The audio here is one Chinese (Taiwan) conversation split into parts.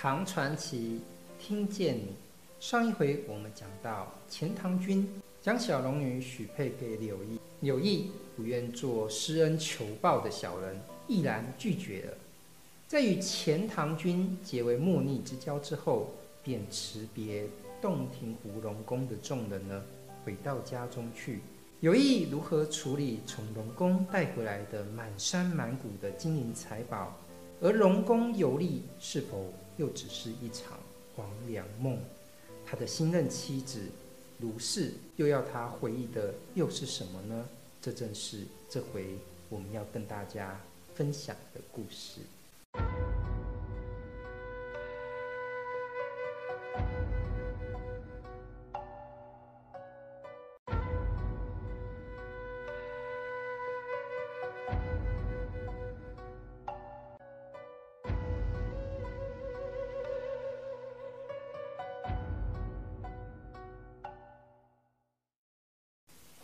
唐傳奇聽見你，上一回我們講到錢塘君將小龍女許配給柳毅，柳毅不願做施恩求報的小人，毅然拒絕了。在與錢塘君結為莫逆之交之後，便辭別洞庭湖龍宮的眾人呢，回到家中去。柳毅如何處理從龍宮帶回來的滿山滿谷的金銀財寶？而龍宮遊歷是否？又只是一場黃粱夢，他的新任妻子盧氏又要他回憶的又是什麼呢？這正是這回我們要跟大家分享的故事。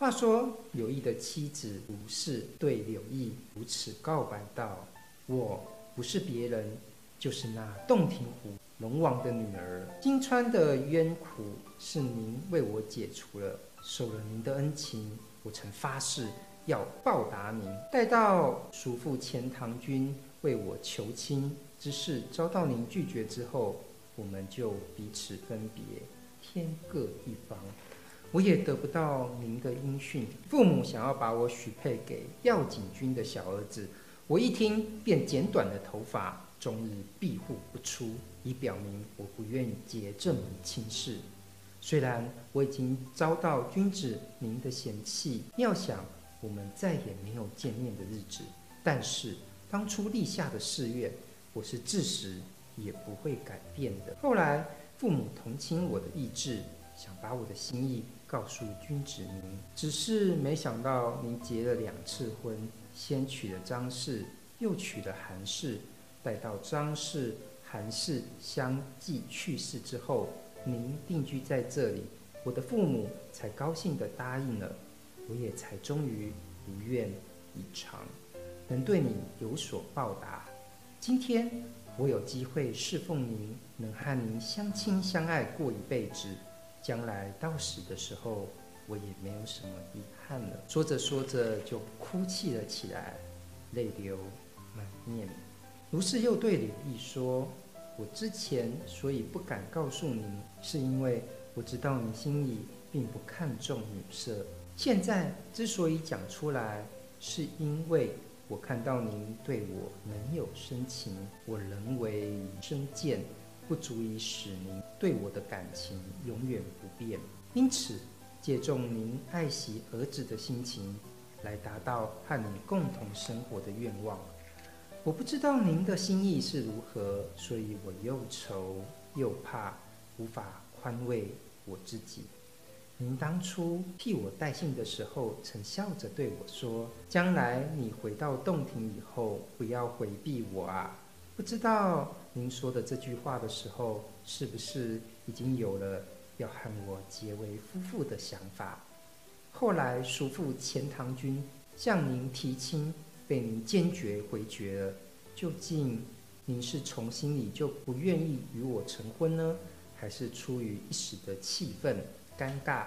話說柳毅的妻子盧氏對柳毅如此告白道：“我不是別人，就是那洞庭湖龍王的女兒。金川的冤苦是您為我解除了，受了您的恩情，我曾發誓要報答您。待到叔父錢塘君為我求親之事遭到您拒絕之後，我們就彼此分別，天各一方。”我也得不到您的音訊。父母想要把我許配給耀景君的小兒子，我一聽便剪短了頭髮，終日閉戶不出，以表明我不願結這門親事。雖然我已經遭到君子您的嫌棄，料想我們再也沒有見面的日子，但是當初立下的誓願，我是至死也不會改變的。後來父母同情我的意志。想把我的心意告訴君子您，只是沒想到您結了兩次婚，先娶了張氏，又娶了韓氏。待到張氏、韓氏相繼去世之後，您定居在這裡，我的父母才高興地答應了，我也才終於如願以償，能對你有所報答。今天我有機會侍奉您，能和您相親相愛過一輩子。將來到死的時候，我也沒有什麼遺憾了。說着說着就哭泣了起來，淚流滿面。盧氏又對柳毅說：“我之前所以不敢告訴您，是因為我知道您心裡並不看重女色。現在之所以講出來，是因為我看到您對我仍有深情，我認為身賤不足以使您。”對我的感情永遠不變，因此借重您愛惜兒子的心情，來達到和您共同生活的願望。我不知道您的心意是如何，所以我又愁又怕，無法寬慰我自己。您當初替我帶信的時候，曾笑着對我說：“將來你回到洞庭以後，不要回避我啊。”不知道您說的這句話的時候，是不是已經有了要和我結為夫婦的想法？後來叔父錢塘君向您提親，被您堅決回絕了。究竟您是從心裡就不願意與我成婚呢，還是出於一時的氣憤、尷尬？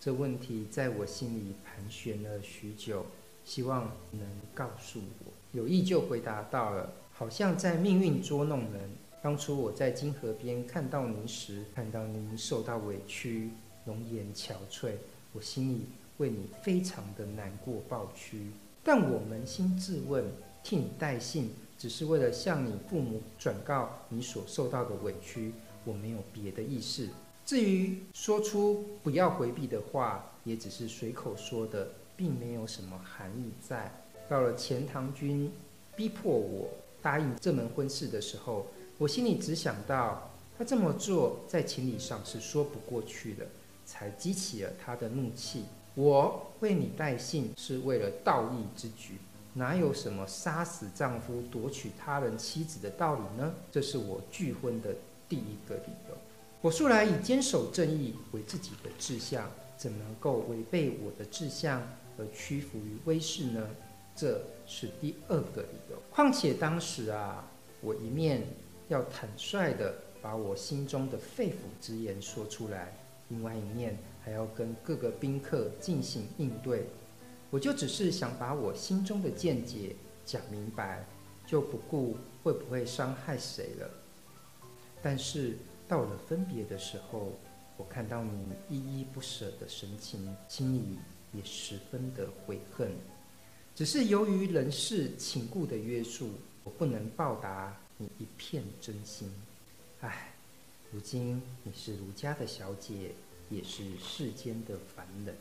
這問題在我心裡盤旋了許久，希望能告訴我。有意就回答到了。好像在命運捉弄人。當初我在金河邊看到您時，看到您受到委屈，容顏憔悴，我心裡為你非常的難過、抱屈。但我捫心自問，替你帶信只是為了向你父母轉告你所受到的委屈，我沒有別的意思。至於說出不要回避的話，也只是隨口說的，並沒有什麼含義在。到了錢塘君逼迫我，答應這門婚事的時候，我心裡只想到，他這麼做在情理上是說不過去的，才激起了他的怒氣。我為你帶信是為了道義之舉，哪有什麼殺死丈夫、奪取他人妻子的道理呢？這是我拒婚的第一個理由。我素來以堅守正義為自己的志向，怎能夠違背我的志向而屈服於威勢呢？這是第二個理由。況且當時啊，我一面要坦率地把我心中的肺腑之言說出來，另外一面還要跟各個賓客進行應對。我就只是想把我心中的見解講明白，就不顧會不會傷害誰了。但是到了分別的時候，我看到你依依不舍的神情，心裡也十分的悔恨。只是由於人世情故的約束，我不能報答你一片真心。唉，如今你是盧家的小姐，也是世間的凡人。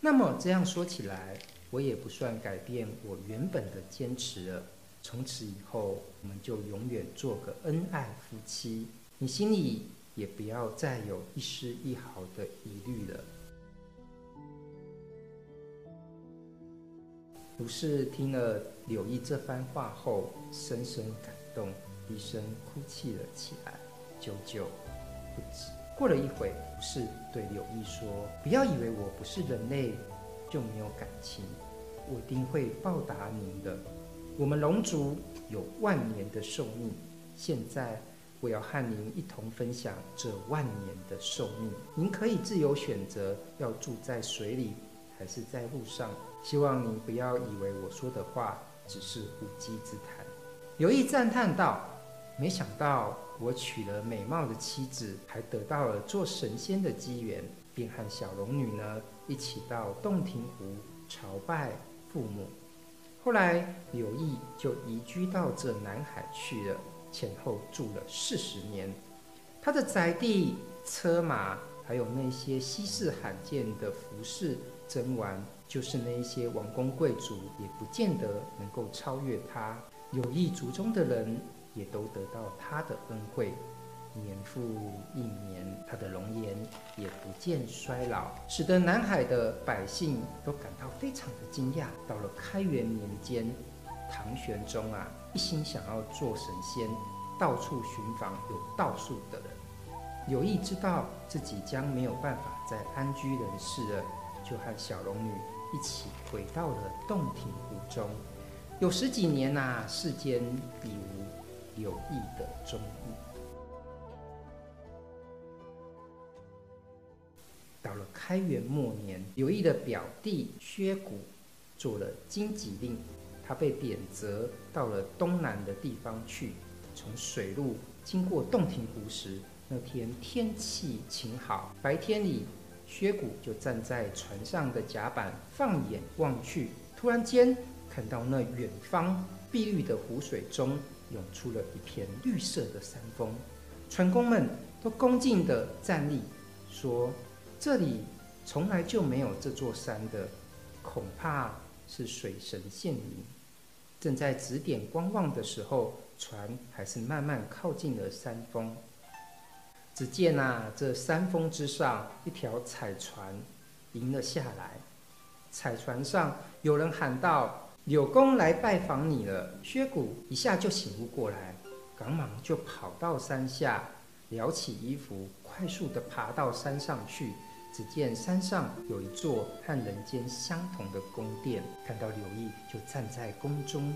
那麼這樣說起來，我也不算改變我原本的堅持了。從此以後，我們就永遠做個恩愛夫妻，你心裡也不要再有一絲一毫的疑慮了。武士聽了柳毅這番話後，深深感動，低聲哭泣了起來，久久不止。過了一會，武士對柳毅說：“不要以為我不是人類，就沒有感情，我一定會報答您的。我們龍族有萬年的壽命，現在我要和您一同分享這萬年的壽命，您可以自由選擇要住在水裡。”還是在路上。希望您不要以為我說的話只是無稽之談。柳毅讚嘆道：“沒想到我娶了美貌的妻子，還得到了做神仙的機緣，並和小龍女呢一起到洞庭湖朝拜父母。”後來，柳毅就移居到這南海去了，前後住了四十年。他的宅地、車馬，還有那些稀世罕見的服飾。珍玩，就是那一些王公貴族，也不見得能夠超越他。有意族中的人，也都得到他的恩惠。年復一年，他的容顏也不見衰老，使得南海的百姓都感到非常的驚訝。到了開元年間，唐玄宗啊，一心想要做神仙，到處尋訪有道術的人。有意知道自己將沒有辦法再安居人世了。就和小龍女一起回到了洞庭湖中，有十幾年吶、啊，世間已無柳毅的蹤跡。到了開元末年，柳毅的表弟薛谷做了京畿令，他被貶謫到了東南的地方去。從水路經過洞庭湖時，那天天氣晴好，白天裡。薛穀就站在船上的甲板，放眼望去，突然間看到那遠方碧綠的湖水中湧出了一片綠色的山峰。船工們都恭敬地站立，說：“這裡從來就沒有這座山的，恐怕是水神現形。”正在指點觀望的時候，船還是慢慢靠近了山峰。只見吶、啊，這山峰之上一條彩船，迎了下來，彩船上有人喊道：“柳公來拜訪你了。”薛谷一下就醒悟過來，趕忙就跑到山下，撩起衣服，快速地爬到山上去。只見山上有一座和人間相同的宮殿，看到柳毅就站在宮中，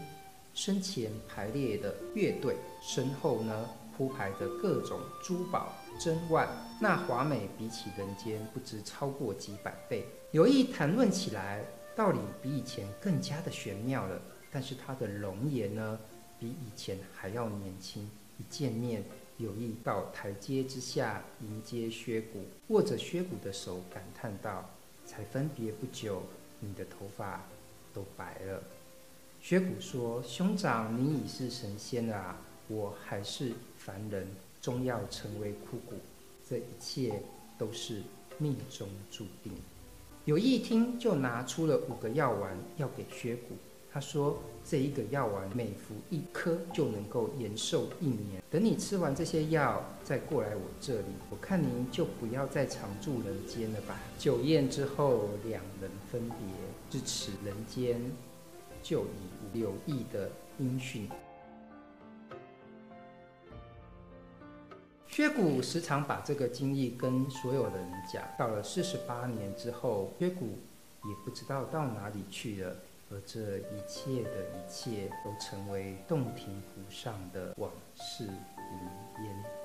身前排列的樂隊，身後呢，鋪排的各種珠寶珍玩，那華美比起人間不知超過幾百倍。柳毅談論起來，道理比以前更加的玄妙了。但是他的容顏呢，比以前還要年輕。一見面，柳毅到台階之下迎接薛谷，握着薛谷的手感嘆道：“才分別不久，你的頭髮都白了。”薛谷說：“兄長，你已是神仙了啊。”我還是凡人，終要成為枯骨。這一切都是命中注定。柳毅一聽，就拿出了五個藥丸，要給薛谷。他說：“這一個藥丸，每服一顆，就能夠延壽一年。等你吃完這些藥，再過來我這裡，我看您就不要再常住人間了吧。”酒宴之後，兩人分別，至此人間就已無柳毅的音訊。薛穀時常把這個經歷跟所有人講，到了四十八年之後，薛穀也不知道到哪裡去了，而這一切的一切都成為洞庭湖上的往事雲煙。